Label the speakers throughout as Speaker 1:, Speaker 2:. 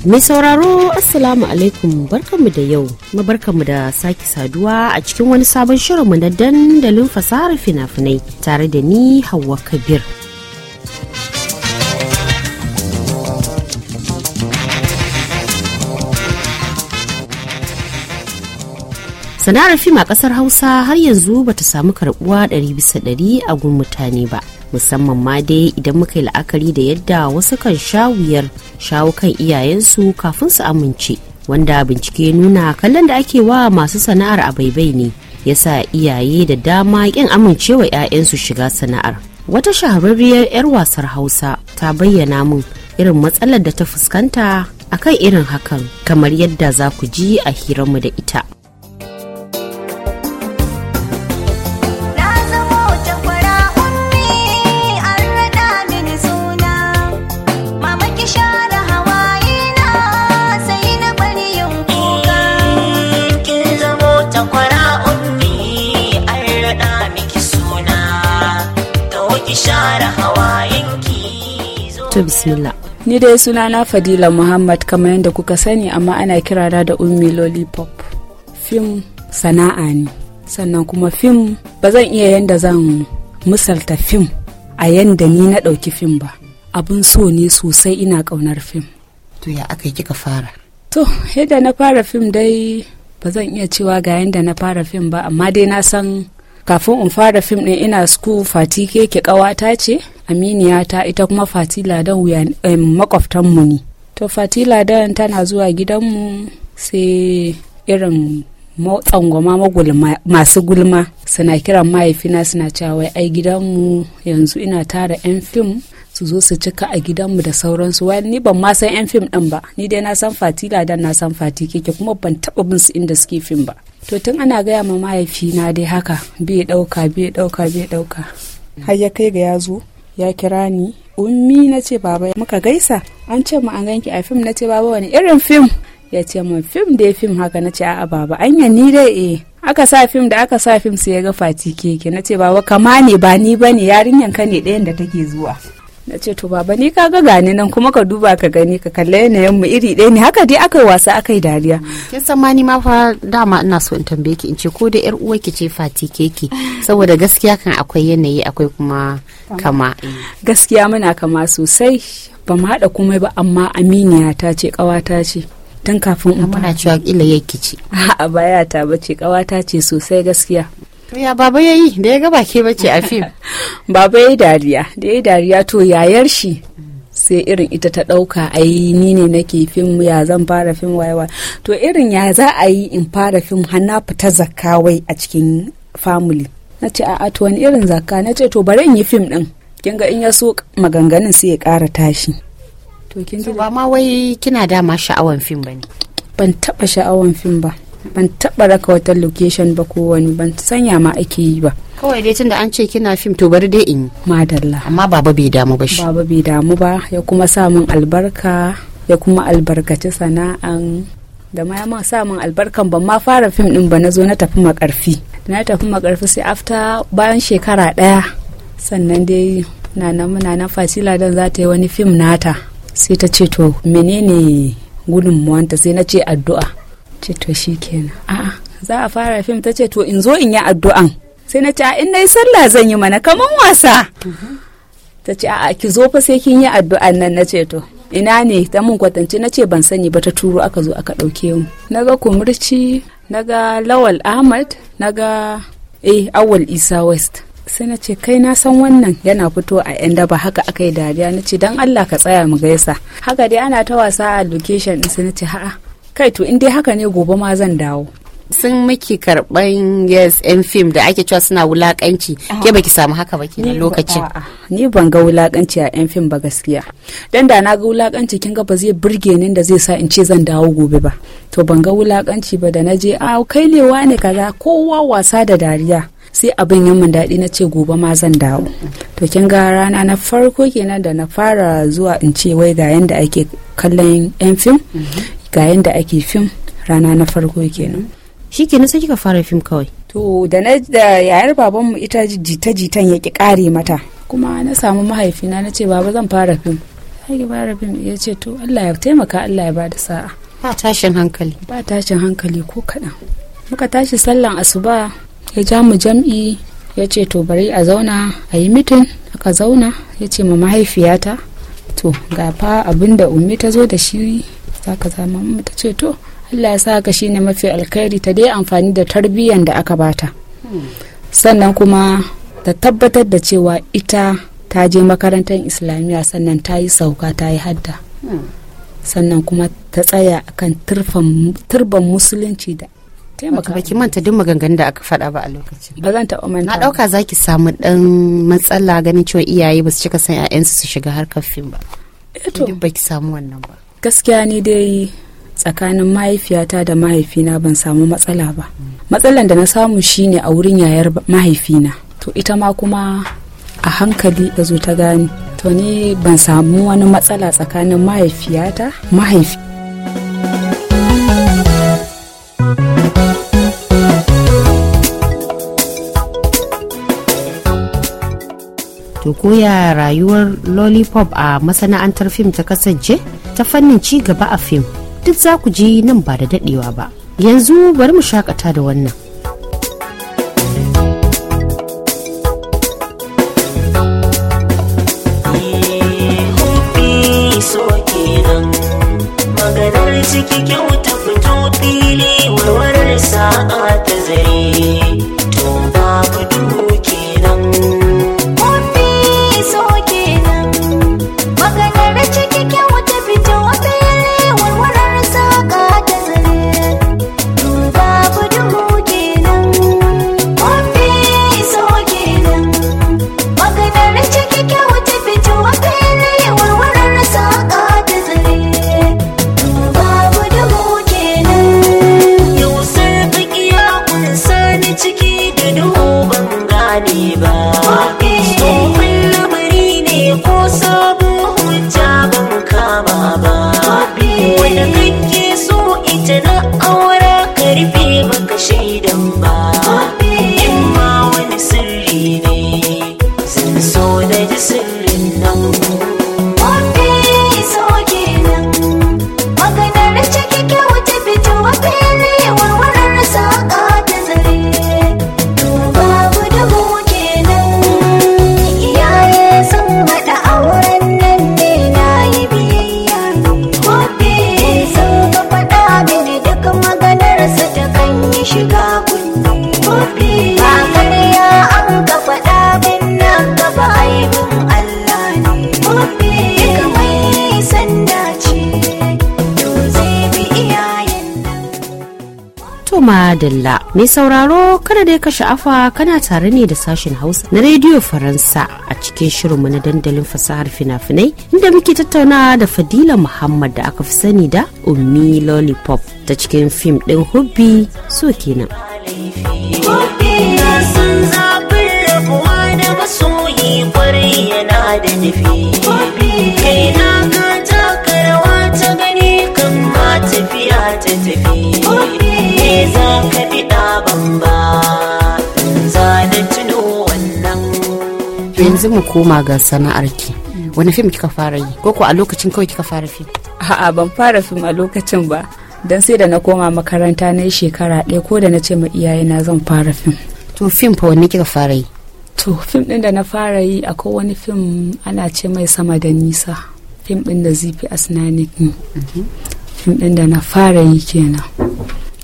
Speaker 1: Mai sauraro Assalamu alaikum barkanmu da yau, mabarkanmu da sake saduwa a cikin wani sabon shirin shirinmu na dandalin fasahar fina-finai tare da ni Hauwa Kabir. Sana'ar fim a ƙasar Hausa har yanzu bata samu karɓuwa ɗari bisa ɗari a gun mutane ba. musamman ma dai idan muka yi la'akari da yadda wasu kan sha wuyar shawo kan iyayensu kafin su amince wanda bincike nuna kallon da ake wa masu sana'ar a baibai ne sa iyaye da dama kin amincewa 'ya'yansu shiga sana'ar wata shahararriyar 'yar wasar hausa ta bayyana min irin matsalar da ta fuskanta akan irin hakan kamar yadda za ku ji a hiranmu da ita
Speaker 2: ishara
Speaker 3: bismillah ni dai suna na fadila muhammad kamar yadda kuka sani amma ana kirana da ummi lollipop fim sana'a ne sannan kuma fim ba zan iya yadda zan misalta fim a yadda ni na ɗauki fim ba abin so ne sosai ina ƙaunar fim to ya aka yi kika fara to yadda na fara fim dai ba zan iya cewa ga yadda na fara fim ba amma dai na san kafin in fara fim ɗin ina school fati keke ƙawata ce aminiya ta ita kuma fati ladan wuya mu ne to fati ladan tana zuwa gidanmu sai irin tsangwama masu gulma suna kiran mahaifina suna cewa ai gidanmu yanzu ina tara 'yan fim su zo su cika a gidanmu da sauransu wani ni ban ma san 'yan fim din ba ni dai na san fati ladan na san fati keke kuma ban taɓa bin su inda suke fim ba to tun ana gaya ma mahaifina dai haka bai dauka, bai dauka, bai dauka. har ya kai ga ya zo ya kira ni ummi na ce baba muka gaisa an ce mu an ganki a fim na ce baba wani irin fim ya ce mun fim da fim haka na ce a'a baba yi ni dai eh aka sa fim da aka sa fim sai ya ga fati keke na ce baba kama ne ba ni bane yarinyan ka ne ɗayan da take zuwa na ce to baba ni ka ga gani nan kuma ka duba ka gani ka kalle yanayin mu iri ɗaya ne haka dai aka yi wasa aka yi dariya
Speaker 1: kin san ma ni ma fa dama ina so in tambaye ki in ce ko da yar ki ce fati ki saboda
Speaker 3: gaskiya kan akwai yanayi akwai kuma kama eh. gaskiya muna kama sosai ba mu haɗa komai ba amma aminiya ta ce ƙawata ce tun kafin in fara cewa ƙila yake ce a'a baya ta bace ƙawata ce sosai gaskiya ya baba ya yi da ya ga ke bace a fim. baba ya yi dariya, da ya yi dariya to yayar shi sai irin ita ta ɗauka yi ni ne nake fim ya zan fara fim wayewa to irin ya za a yi in fara fim hana fita zakka wai a cikin family na ce a'a to wani irin zakka na ce to bari in yi fim din kin ga in ya so maganganun sai ya ƙara tashi to kin ba ma wai kina dama sha'awan fim ba ne. ban taba sha'awan fim ba ban taɓa raka wata location ba ko wani ban sanya ma ake yi ba kawai dai tunda an ce kina fim to bari dai in madalla amma baba bai damu ba shi baba bai damu ba ya kuma samun albarka ya kuma albarkaci sana'an da ma ya sa min albarkan ban ma fara fim din ba na zo na tafi makarfi na tafi makarfi sai afta bayan shekara ɗaya. sannan dai na nan muna nan fasila dan za ta yi wani fim nata sai ta ce to menene gudunmuwanta sai na ce addu'a ce to shi kenan a'a za a fara fim ta ce to in zo in yi addu'an sai na ce in nayi sallah zan yi mana kaman wasa ta ce a'a ki zo fa sai kin yi addu'an nan na ce to ina ne ta mun kwatance na ce ban sani ba ta turo aka zo aka ɗauke mu na ga kumurci na ga lawal ahmad na ga eh awal isa west sai na ce kai na san wannan yana fito a yan daba haka aka yi dariya na ce don allah ka tsaya mu gaisa haka dai ana ta wasa a location din sai na ce ha'a kai to in dai haka ne gobe ma zan dawo sun miki karban yes yan fim da ake cewa suna wulakanci ke ah. baki samu haka ba kenan lokacin ni ban ga wulakanci a yan fim ba gaskiya dan da na ga wulakanci kin ga ba zai burge ni da zai sa in ce zan dawo gobe ba to ban ga wulakanci ba da na je a ah, kai lewa ne kaza kowa wasa da dariya sai abin yin min daɗi na ce gobe ma zan dawo to kin ga rana na farko kenan da na fara zuwa in ce wai ga yanda ake kallon yan fim mhm. ga yadda ake fim rana na farko kenan shi kenan sai kika fara fim kawai to da na da yayar babanmu ita jita jitan ya ki kare mata kuma na samu mahaifina na ce baba zan fara fim sai fara fim ya ce to Allah ya taimaka Allah ya bada sa'a ba tashin hankali ba tashin hankali ko kaɗan muka tashi sallan asuba ya ja mu jam'i ya ce to bari a zauna a yi mitin aka zauna ya ce ma mahaifiyata to ga fa abinda ummi ta zo da shi za ka zama ta ce to Allah ya sa ka ne mafi alkhairi ta dai amfani da tarbiyyar da aka bata hmm. sannan kuma ta tabbatar da cewa ita ta je makarantar islamiyya sannan ta yi sauka ta yi hadda hmm. sannan kuma ta tsaya akan turban musulunci da taimaka baki manta duk maganganun da aka faɗa ba a lokacin ba zan taɓa manta na ɗauka
Speaker 1: za ki samu ɗan matsala ganin cewa iyaye ba su cika san 'ya'yansu su shiga harkar fim ba
Speaker 3: eh, duk ba ki samu wannan ba gaskiya ni dai tsakanin mahaifiyata da mahaifina ban samu matsala ba matsalan da na samu shine a wurin yayar mahaifina to ita ma kuma a hankali ta zo ta gani to ni ban samu wani matsala tsakanin mahaifiyata mahaifi
Speaker 1: to koya rayuwar lollipop a masana'antar fim ta kasance ta fannin ci gaba a fim duk za ku ji nan ba da dadewa ba yanzu bari mu shakata da wannan To dalla mai sauraro kada dai ka sha'afa kana tare ne da sashen Hausa na Rediyo Faransa a cikin shirinmu na dandalin fasahar fina-finai inda muke tattauna da Fadila Muhammad da aka fi sani da Ummi Lollipop ta cikin fim ɗin Hubbi so kenan.
Speaker 2: yana da kai na ka ta gani kan ma tafiya ta tafi za ka diɗa bamba tuno
Speaker 3: wannan
Speaker 1: yanzu mu koma ga ki wani fim kika fara yi ko
Speaker 3: ko a lokacin kawai kika fara fim a'a ban fara fim a lokacin ba don sai da na koma makaranta na yi shekara ɗaya ko da na ce ma iyayena zan fara fim to fim fa wani kika fara yi to fim ɗin da na fara yi akwai wani fim ana ce mai sama da nisa fim ɗin da zifi asnani mhm. fim ɗin da na fara yi kenan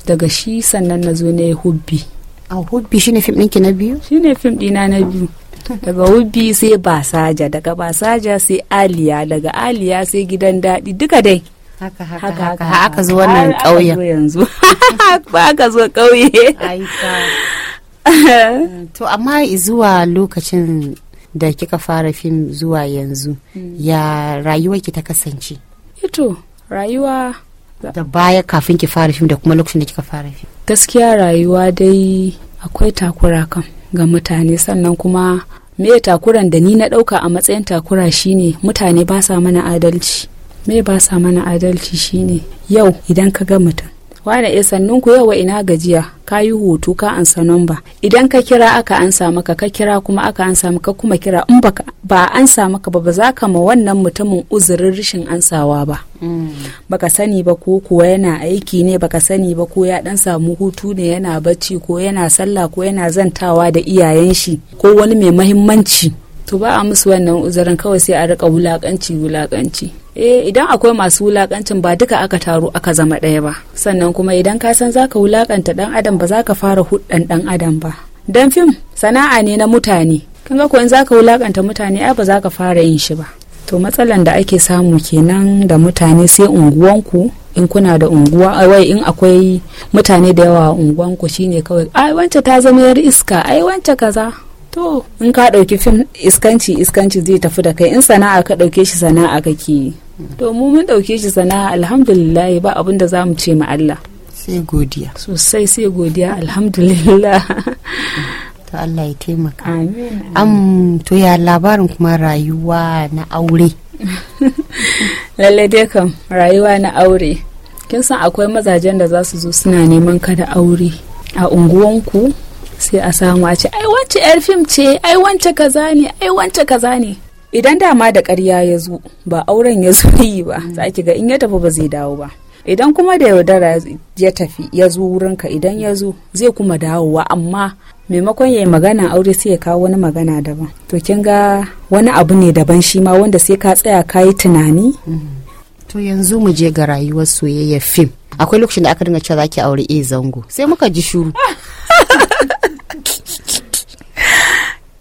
Speaker 3: daga shi sannan na zo na yi hubbi a hubbi shine fim ɗinki na biyu shine fim ɗina na biyu daga hubbi sai basaja daga basaja sai aliya daga aliya sai gidan daɗi duka dai haka haka haka haka zo wannan ƙauyen yanzu haka zo ƙauye to amma
Speaker 1: zuwa lokacin da kika fara fim zuwa yanzu mm. ya rayuwa ki ta kasance
Speaker 3: ito rayuwa
Speaker 1: da baya kafin ki fara fim da kuma lokacin da kika fara fim
Speaker 3: gaskiya rayuwa dai akwai takura kan ga mutane sannan kuma me takuran da ni na ɗauka a matsayin takura shine mutane ba sa mana adalci me ba sa mana adalci shine yau idan ka ga mutum wane e eh, sannun ku yawa ina gajiya ka yi hutu ka ansa ba idan ka kira aka ansa maka ka kira kuma aka ansa maka kuma kira in baka ba ansa maka ba ba za ka ma wannan mutumin uzurin rishin ansawa ba mm. baka sani ba ko kuwa yana aiki ne baka sani ba ko ya dan samu hutu ne yana bacci ko yana sallah ko yana zantawa da iyayen shi ko wani mai mahimmanci to ba a musu wannan uzurin kawai sai a rika wulakanci wulakanci eh idan akwai masu wulakancin ba duka aka taru aka zama ɗaya ba sannan kuma idan ka san zaka wulakanta ɗan adam ba zaka fara huɗan ɗan adam ba dan fim sana'a ne na mutane kan ga in zaka wulakanta mutane ai ba zaka fara yin shi ba to matsalan da ake samu kenan da mutane sai unguwanku in kuna da unguwa wai in akwai mutane da yawa unguwanku shine kawai ai wance ta zama yar iska ai wance kaza to in ka ɗauki fim iskanci iskanci zai tafi da kai in sana'a ka ɗauke shi sana'a kake yi to mu mun ɗauke shi sana'a alhamdulillah ba abin da za mu ce ma Allah sai godiya sosai sai godiya alhamdulillah to Allah ya taimaka amin am
Speaker 1: to ya labarin kuma rayuwa na aure
Speaker 3: lalle dai kam rayuwa na aure kin san akwai mazajen da za su zo suna neman ka da aure a unguwanku sai a samu a ce ai wacce yar fim ce ai wance kaza ne ai wance kaza ne idan dama da karya ya zo ba auren ya zo yi ba mm. za ki ga in ya tafi ba zai dawo ba idan kuma da yaudara ya tafi ya zo wurinka idan ya zo zai kuma dawowa amma maimakon ya yi magana aure sai ya kawo wani magana daban to kin ga wani abu ne daban shi ma wanda sai ka tsaya ka yi tunani mm. to yanzu mu je ga rayuwar soyayya fim akwai lokacin da aka dinga cewa zaki aure e zango sai muka ji shuru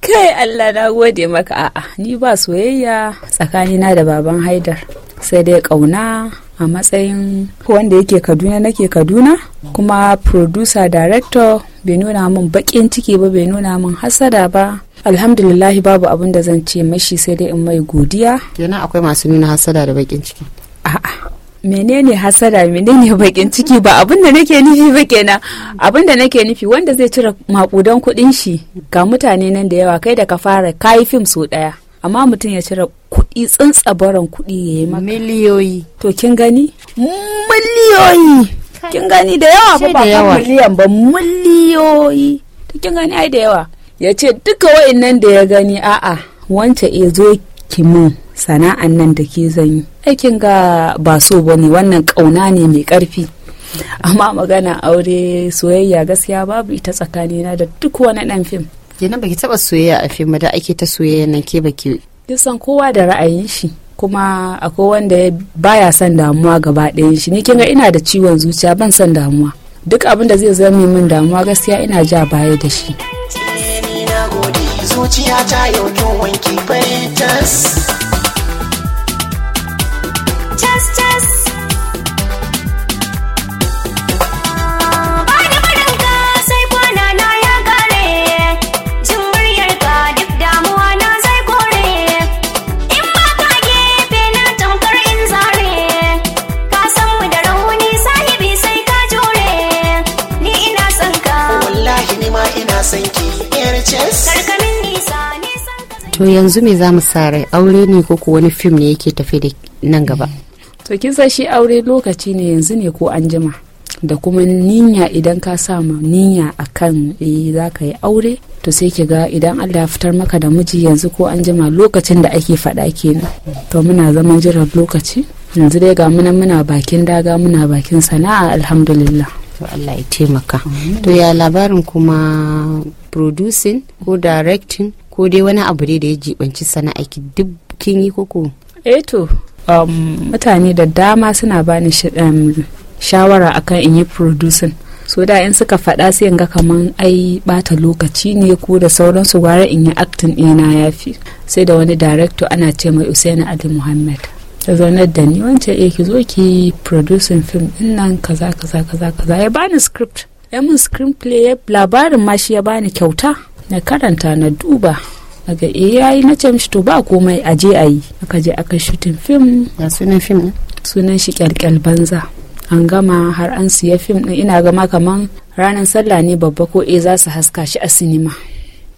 Speaker 3: kai Allah na gode maka a'a ni ba soyayya tsakanina da baban haidar sai dai kauna a matsayin wanda yake kaduna nake kaduna kuma producer director bai nuna min bakin ciki ba bai nuna min hasada ba alhamdulillahi babu abin da zan ce mashi sai dai in mai godiya kenan akwai masu nuna hasada da bakin ciki menene hasada menene bakin ciki ba abin da nake nufi ba kenan abin da nake nufi wanda zai cire makudan kuɗin shi ga mutane nan da yawa kai da ka fara kayi fim so ɗaya amma mutum ya cire kuɗi tsantsabaran kuɗi ya yi maka miliyoyi to kin gani miliyoyi kin gani da yawa ba ba miliyan ba miliyoyi to kin gani ai da yawa ya ce duka wa'annan da ya gani a'a wance ya zo ki mun sana'an nan da ke zan yi aikin ga ba so ba ne wannan kauna ne mai karfi amma magana aure soyayya gaskiya babu ita tsakanina da duk wani ɗan fim kenan baki taba soyayya a fim da ake ta soyayya nan ke baki san kowa da ra'ayin shi kuma akwai wanda ya baya son damuwa gaba ɗayan shi ni kin ga ina da ciwon zuciya ban son damuwa duk abin da zai zame min damuwa gaskiya ina ja baya da shi
Speaker 2: zuciya ta yau wanki tas
Speaker 1: to yanzu me za mu sa rai aure ne ko ko wani fim ne yake tafi da nan gaba
Speaker 3: to kin san shi aure lokaci ne yanzu ne ko an jima da kuma niyya idan ka sa samu niyya akan eh za ka yi aure to sai ki ga idan Allah ya fitar maka da miji yanzu ko an jima lokacin da ake faɗa kenan to muna zaman jiran lokaci yanzu dai ga muna muna bakin daga muna bakin sana'a alhamdulillah to Allah ya taimaka to ya labarin kuma producing ko directing ko dai wani abu dai da ya jibanci sana'aki duk kin yi koko eh to um, mutane da dama suna bani um, shawara akan in yi producing so da in suka faɗa sai ga kaman ai bata lokaci ne ko da sauransu gwara in yi actin ɗina ya fi sai da wani director ana ce mai usaini ali muhammad ta zaunar da ni wancan eh ki zo ki producing film din nan kaza kaza kaza kaza ya bani script ya mun screenplay labarin ma shi ya bani kyauta na karanta na duba daga eh yayi na ce mishi to ba komai a je a yi aka je aka shutin fim ya sunan fim sunan shi kyalkyal banza an gama har an siya fim din ina gama kaman ranar sallah ne babba ko eh za su haska shi a sinima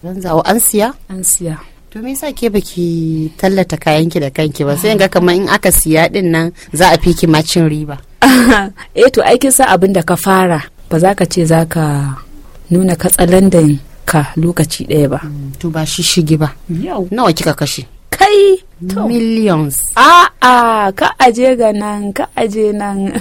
Speaker 3: banza oh, an siya an siya to me yasa ke baki
Speaker 1: tallata kayanki
Speaker 3: da kanki ba sai ga kamar in aka siya din nan za a fi ki macin riba eh to aikin sa abin da ka fara ba za ka ce za ka nuna katsalandan ka lokaci ɗaya ba. Mm, to ba shi shige ba. yau Nawa kika kashe? Kai! Millions. A'a, ka aje ga nan, ka aje nan.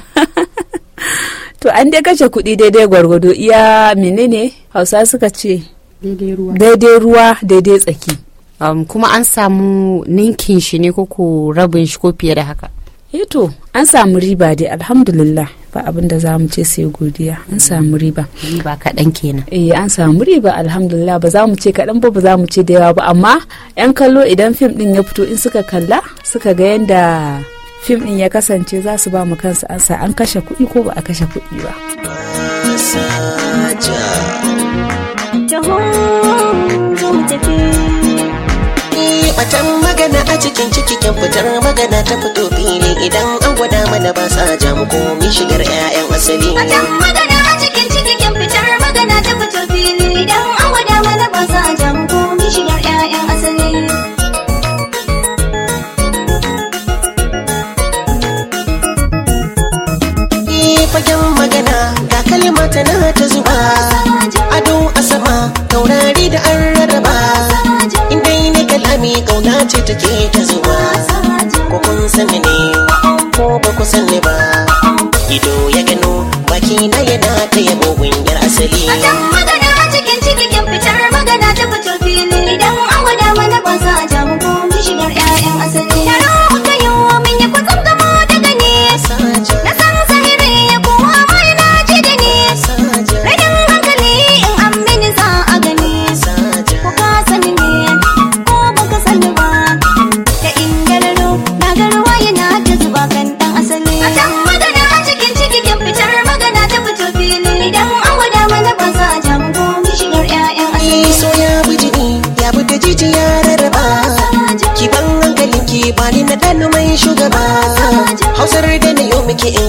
Speaker 3: To an dai kashe kuɗi daidai gwargwado iya menene Hausa suka ce? Daidai ruwa. Daidai tsaki. Um, kuma an samu ninkin shi ne koko rabin shi ko fiye da haka? Eto, eh an samu riba dai alhamdulillah. ba abin da za ce sai godiya an samu riba riba kaɗan kenan eh an samu riba alhamdulillah ba za mu ce kaɗan ba ba za mu ce da yawa ba amma yan kallo idan fim din ya fito in suka kalla suka ga yanda fim din ya kasance za su ba mu kansu an sa an kashe kuɗi ko ba a kashe kuɗi ba
Speaker 2: zo
Speaker 1: mu tafi ciki batan magana a cikin ciki kyan fitar magana ta fito fili idan an gwada mana ba sa ko komi shigar 'ya'yan asali batan magana a
Speaker 2: cikin ciki kyan fitar magana ta fito fili idan an gwada mana ba sa ko komi shigar 'ya'yan asali
Speaker 1: fagen magana ga kalma tana ta zuba ado a sama taurari da an mi kauna ce take ta zuwa ko kun ne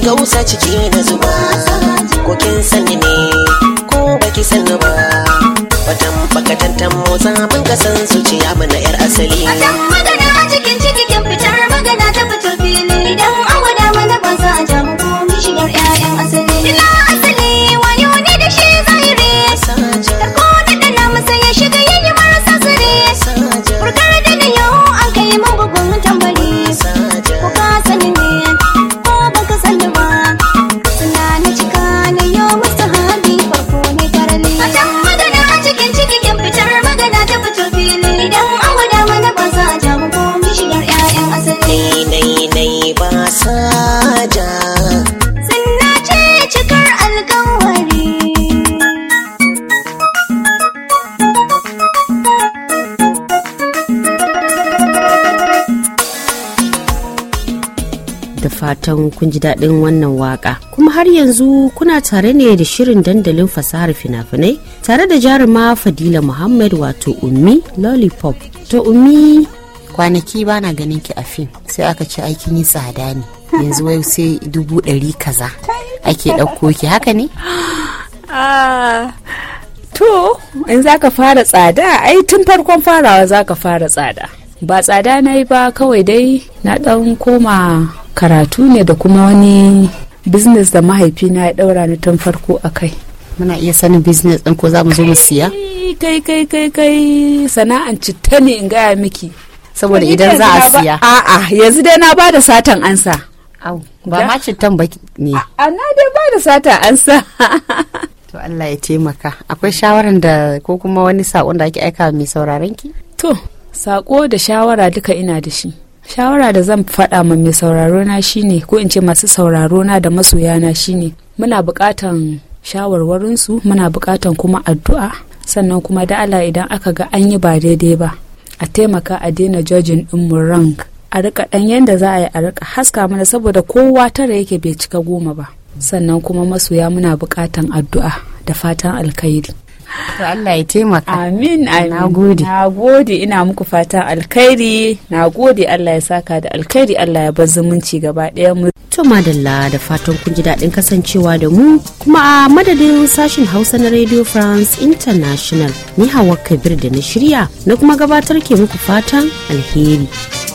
Speaker 1: gausa ciki na zuba ko kin sani ne ko baki sani ba watan bakatantan motsa mun kasan zuciya mana yar asali a magana
Speaker 2: cikin ciki kin fitar magana ta
Speaker 1: fatan kun ji daɗin wannan waƙa Kuma har yanzu kuna tare ne da shirin dandalin fasahar fina-finai tare da jaruma Fadila Muhammad wato Ummi Lollipop. To Ummi kwanaki ba na ganin ki a fim sai aka ce aikin yi tsada ne yanzu wai sai dubu ɗari kaza ake ɗauko ki haka ne?
Speaker 3: Ah, to, in za ka fara tsada, ai tun farkon farawa za ka fara tsada. Ba tsada na yi ba kawai dai na ɗan koma karatu ne da kuma wani business da mahaifina ya daura ni tun farko a kai muna iya sanin business
Speaker 1: ɗin ko za mu zo mu siya
Speaker 3: kai kai kai kai sana'an citta ne in gaya miki saboda idan za a siya a'a yanzu dai na bada satan ansa au ba ma cittan ba ne a na dai bada satan ansa
Speaker 1: to Allah ya taimaka akwai shawaran da ko kuma wani saƙon da ake aika mai sauraron ki
Speaker 3: to saƙo da shawara duka ina da shi shawara da zan faɗa ma mai sauraro na shine ko in ce masu sauraro na da masoya na shine muna buƙatan su muna buƙatan kuma addu'a sannan kuma da Allah idan aka ga an yi ba daidai ba a taimaka a daina jojin ɗin mu rank a rika ɗan yadda za a yi a rika haska mana saboda kowa tara yake bai cika goma ba sannan kuma masoya muna buƙatan addu'a da fatan alkhairi To Allah ya taimaka. Amin amin. Na gode. Na gode ina muku fatan alkhairi. Na gode Allah ya saka da alkhairi Allah ya bar zumunci gaba ɗaya mu. To madalla da fatan kun ji daɗin kasancewa da mu kuma a madadin
Speaker 1: sashen Hausa na Radio France International ni Hawa Kabir da na shirya na kuma gabatar ke muku fatan alheri.